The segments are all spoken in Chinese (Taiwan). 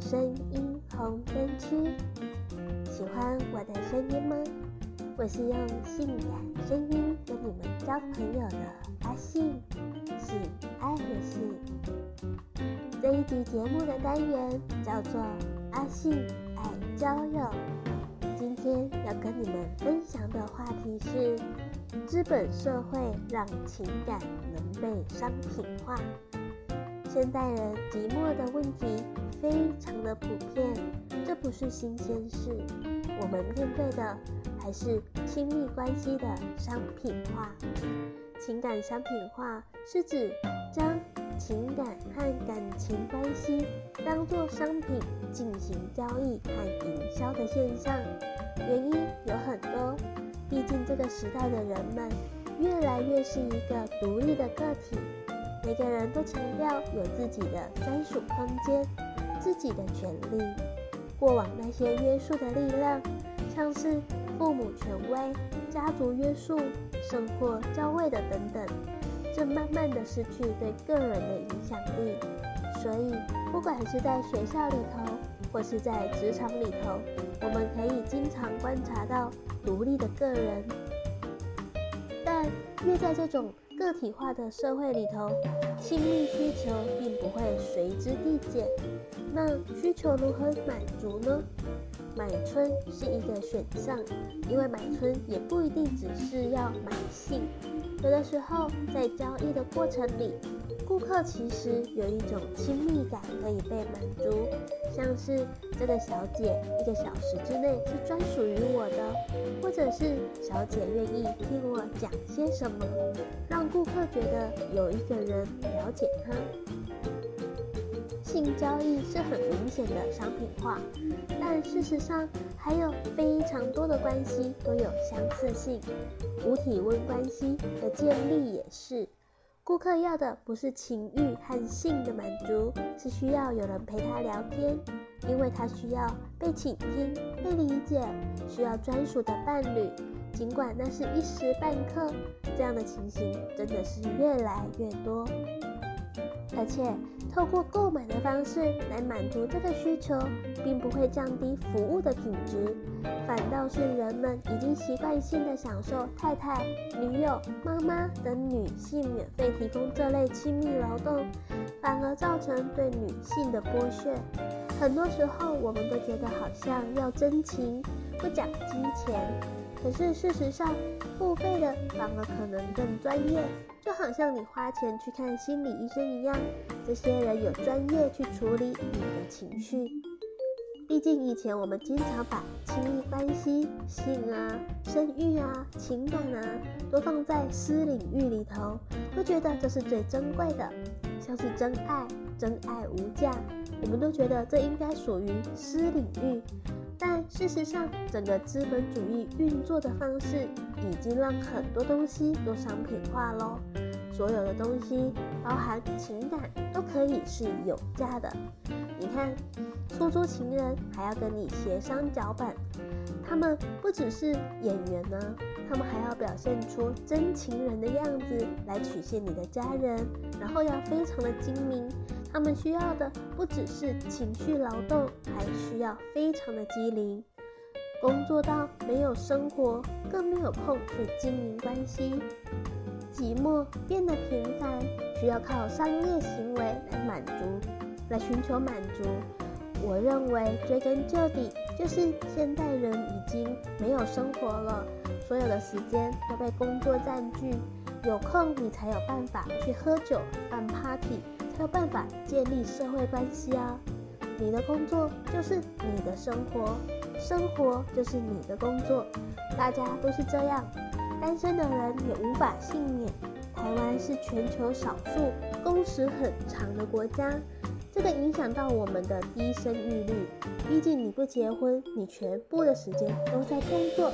聲音紅燈區，喜歡我的聲音嗎？我是用性感聲音跟你們交朋友的阿性，性愛的性。這一集節目的單元叫做《阿性愛交友》，今天要跟你們分享的話題是：資本社會讓情感能被商品化，現代人寂寞的問題。非常的普遍，這不是新鮮事。我們面對的還是親密關係的商品化。情感商品化是指將情感和感情關係當作商品進行交易和營銷的現象。原因有很多，畢竟這個時代的人們越來越是一個獨立的個體，每個人都強調有自己的專屬空間。自己的權利，過往那些約束的力量，像是父母權威、家族約束、生活教誨的、等等，正慢慢的失去對個人的影響力。所以，不管是在學校裡頭，或是在職場裡頭，我們可以經常觀察到獨立的個人。但越在這種。個體化的社會裡頭，親密需求並不會隨之遞減。那需求如何滿足呢？買春是一個選項，因為買春也不一定只是要買性。有的時候，在交易的過程裡，顧客其實有一種親密感可以被滿足，像是這個小姐一個小時之內是專屬於我的，或者是小姐願意聽我講些什麼，讓顧客覺得有一個人了解她。性交易是很明顯的商品化，但事實上還有非常多的關係都有相似性。無體溫關係的建立也是，顧客要的不是情慾和性的滿足，是需要有人陪他聊天，因為他需要被傾聽、被理解，需要專屬的伴侶，儘管那是一時半刻。這樣的情形真的是越來越多。而且，透過購買的方式來滿足這個需求，並不會降低服務的品質，反倒是人們已經習慣性地享受太太、女友、媽媽等女性免費提供這類親密勞動，反而造成對女性的剝削。很多時候，我們都覺得好像要真情，不講金錢，可是事實上，付費的反而可能更專業。就好像你花錢去看心理醫生一樣，這些人有專業去處理你的情緒。畢竟以前我們經常把親密關係、性啊、生育啊、情感啊，都放在私領域裡頭，會覺得這是最珍貴的，像是真愛，真愛無價，我們都覺得這應該屬於私領域。事實上，整個資本主義運作的方式已經讓很多東西都商品化咯。所有的東西，包含情感，都可以是有價的。你看，出租情人還要跟你協商腳本，他們不只是演員呢，他們還要表現出真情人的樣子來取信你的家人，然後要非常的精明。他們需要的不只是情緒勞動，還需要非常的機靈。工作到沒有生活，更沒有空去經營關係。寂寞變得頻繁，需要靠商業行為來滿足，來尋求滿足。我認為追根究底，就是現代人已經沒有生活了，所有的時間都被工作占據，有空你才有辦法去喝酒、辦 party。沒有辦法建立社會關係啊、哦！你的工作就是你的生活，生活就是你的工作，大家都是這樣，單身的人也無法幸免。台灣是全球少數工時很長的國家，這個影響到我們的低生育率。畢竟你不結婚，你全部的時間都在工作，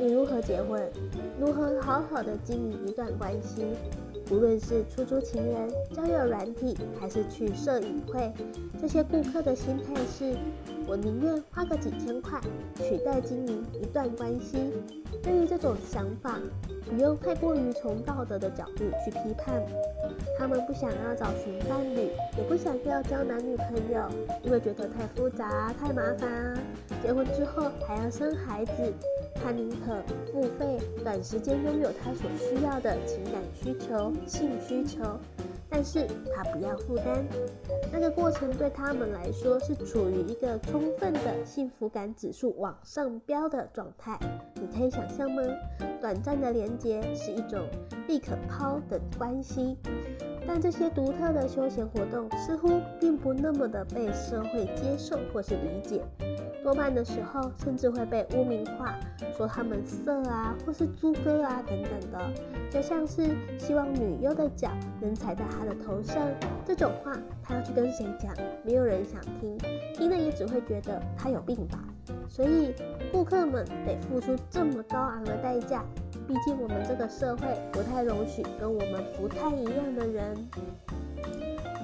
你如何結婚？如何好好的經營一段關係？無論是出租情人、交友軟體，還是去攝影會，這些顧客的心態是：我寧願花個幾千塊取代經營一段關係。對於這種想法，不用太過於從道德的角度去批判。他們不想要找尋伴侶，也不想非要交男女朋友，因為覺得太複雜、太麻煩，結婚之後還要生孩子。他寧可付費，短時間擁有他所需要的情感需求、性需求，但是他不要負擔。那個過程對他們來說是處於一個充分的幸福感指數往上飆的狀態。你可以想象嗎？短暫的連接是一種立可拋的關係。但這些獨特的休閒活動似乎並不那麼的被社會接受或是理解，多半的時候甚至會被污名化，說他們色啊或是豬哥啊等等的，就像是希望女優的腳能踩在他的頭上這種話，他要去跟誰講？沒有人想聽，聽了也只會覺得他有病吧。所以顧客們得付出這麼高昂的代價，畢竟我們這個社會不太容許跟我們不太一樣的人。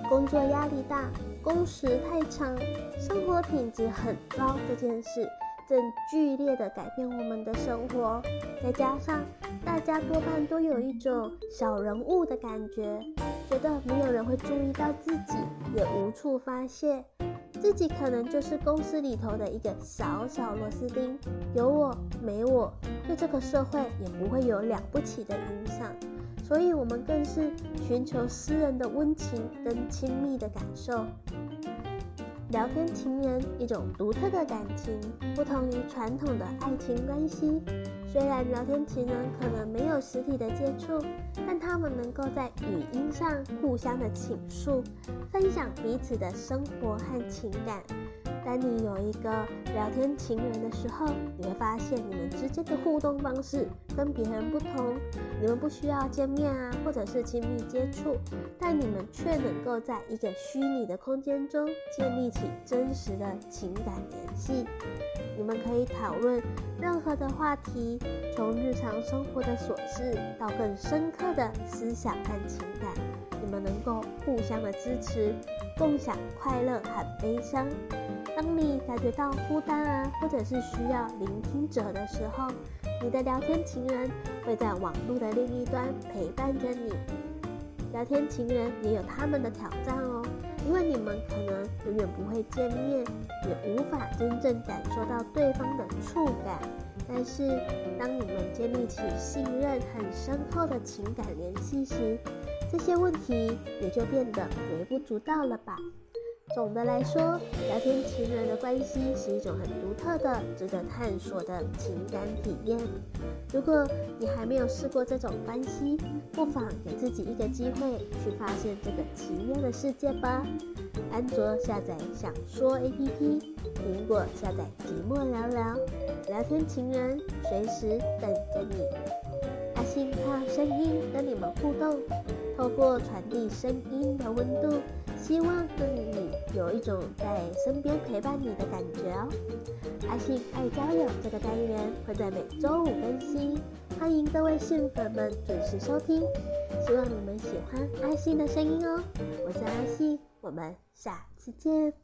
工作壓力大，工時太長，生活品質很糟，這件事正劇烈的改變我們的生活。再加上大家多半都有一種小人物的感覺，覺得沒有人會注意到自己，也無處發泄，自己可能就是公司裡頭的一個小小螺絲釘，有我沒我，對這個社會也不會有了不起的影響。所以，我們更是尋求私人的溫情跟親密的感受。聊天情人一種獨特的感情，不同於傳統的愛情關係。雖然聊天情人可能沒有實體的接觸，但他們能夠在語音上互相的傾訴，分享彼此的生活和情感。當你有一個聊天情人的時候，你會發現你們之間的互動方式。跟別人不同，你們不需要見面啊，或者是親密接觸，但你們卻能夠在一個虛擬的空間中建立起真實的情感聯繫。你們可以討論任何的話題，從日常生活的瑣事到更深刻的思想和情感。你們能夠互相的支持，共享快樂和悲傷。當你感覺到孤單啊，或者是需要聆聽者的時候，你的聊天情人會在網絡的另一端陪伴着你。聊天情人也有他們的挑戰哦，因為你們可能永遠不會見面，也無法真正感受到對方的觸感。但是，當你們建立起信任很深厚的情感聯繫時，這些問題也就變得微不足道了吧。總的來說，聊天情人的關係是一種很獨特的、值得探索的情感體驗。如果你還沒有試過這種關係，不妨給自己一個機會去發現這個奇妙的世界吧。安卓下載享說 APP，蘋果下載寂寞聊聊，聊天情人隨時等着你。阿性靠聲音跟你們互動。透過傳遞聲音的溫度，希望對你有一種在身邊陪伴你的感覺哦。阿性愛交友這個單元會在每周五更新，歡迎各位性粉們準時收聽，希望你們喜歡阿性的聲音哦。我是阿性，我們下次見。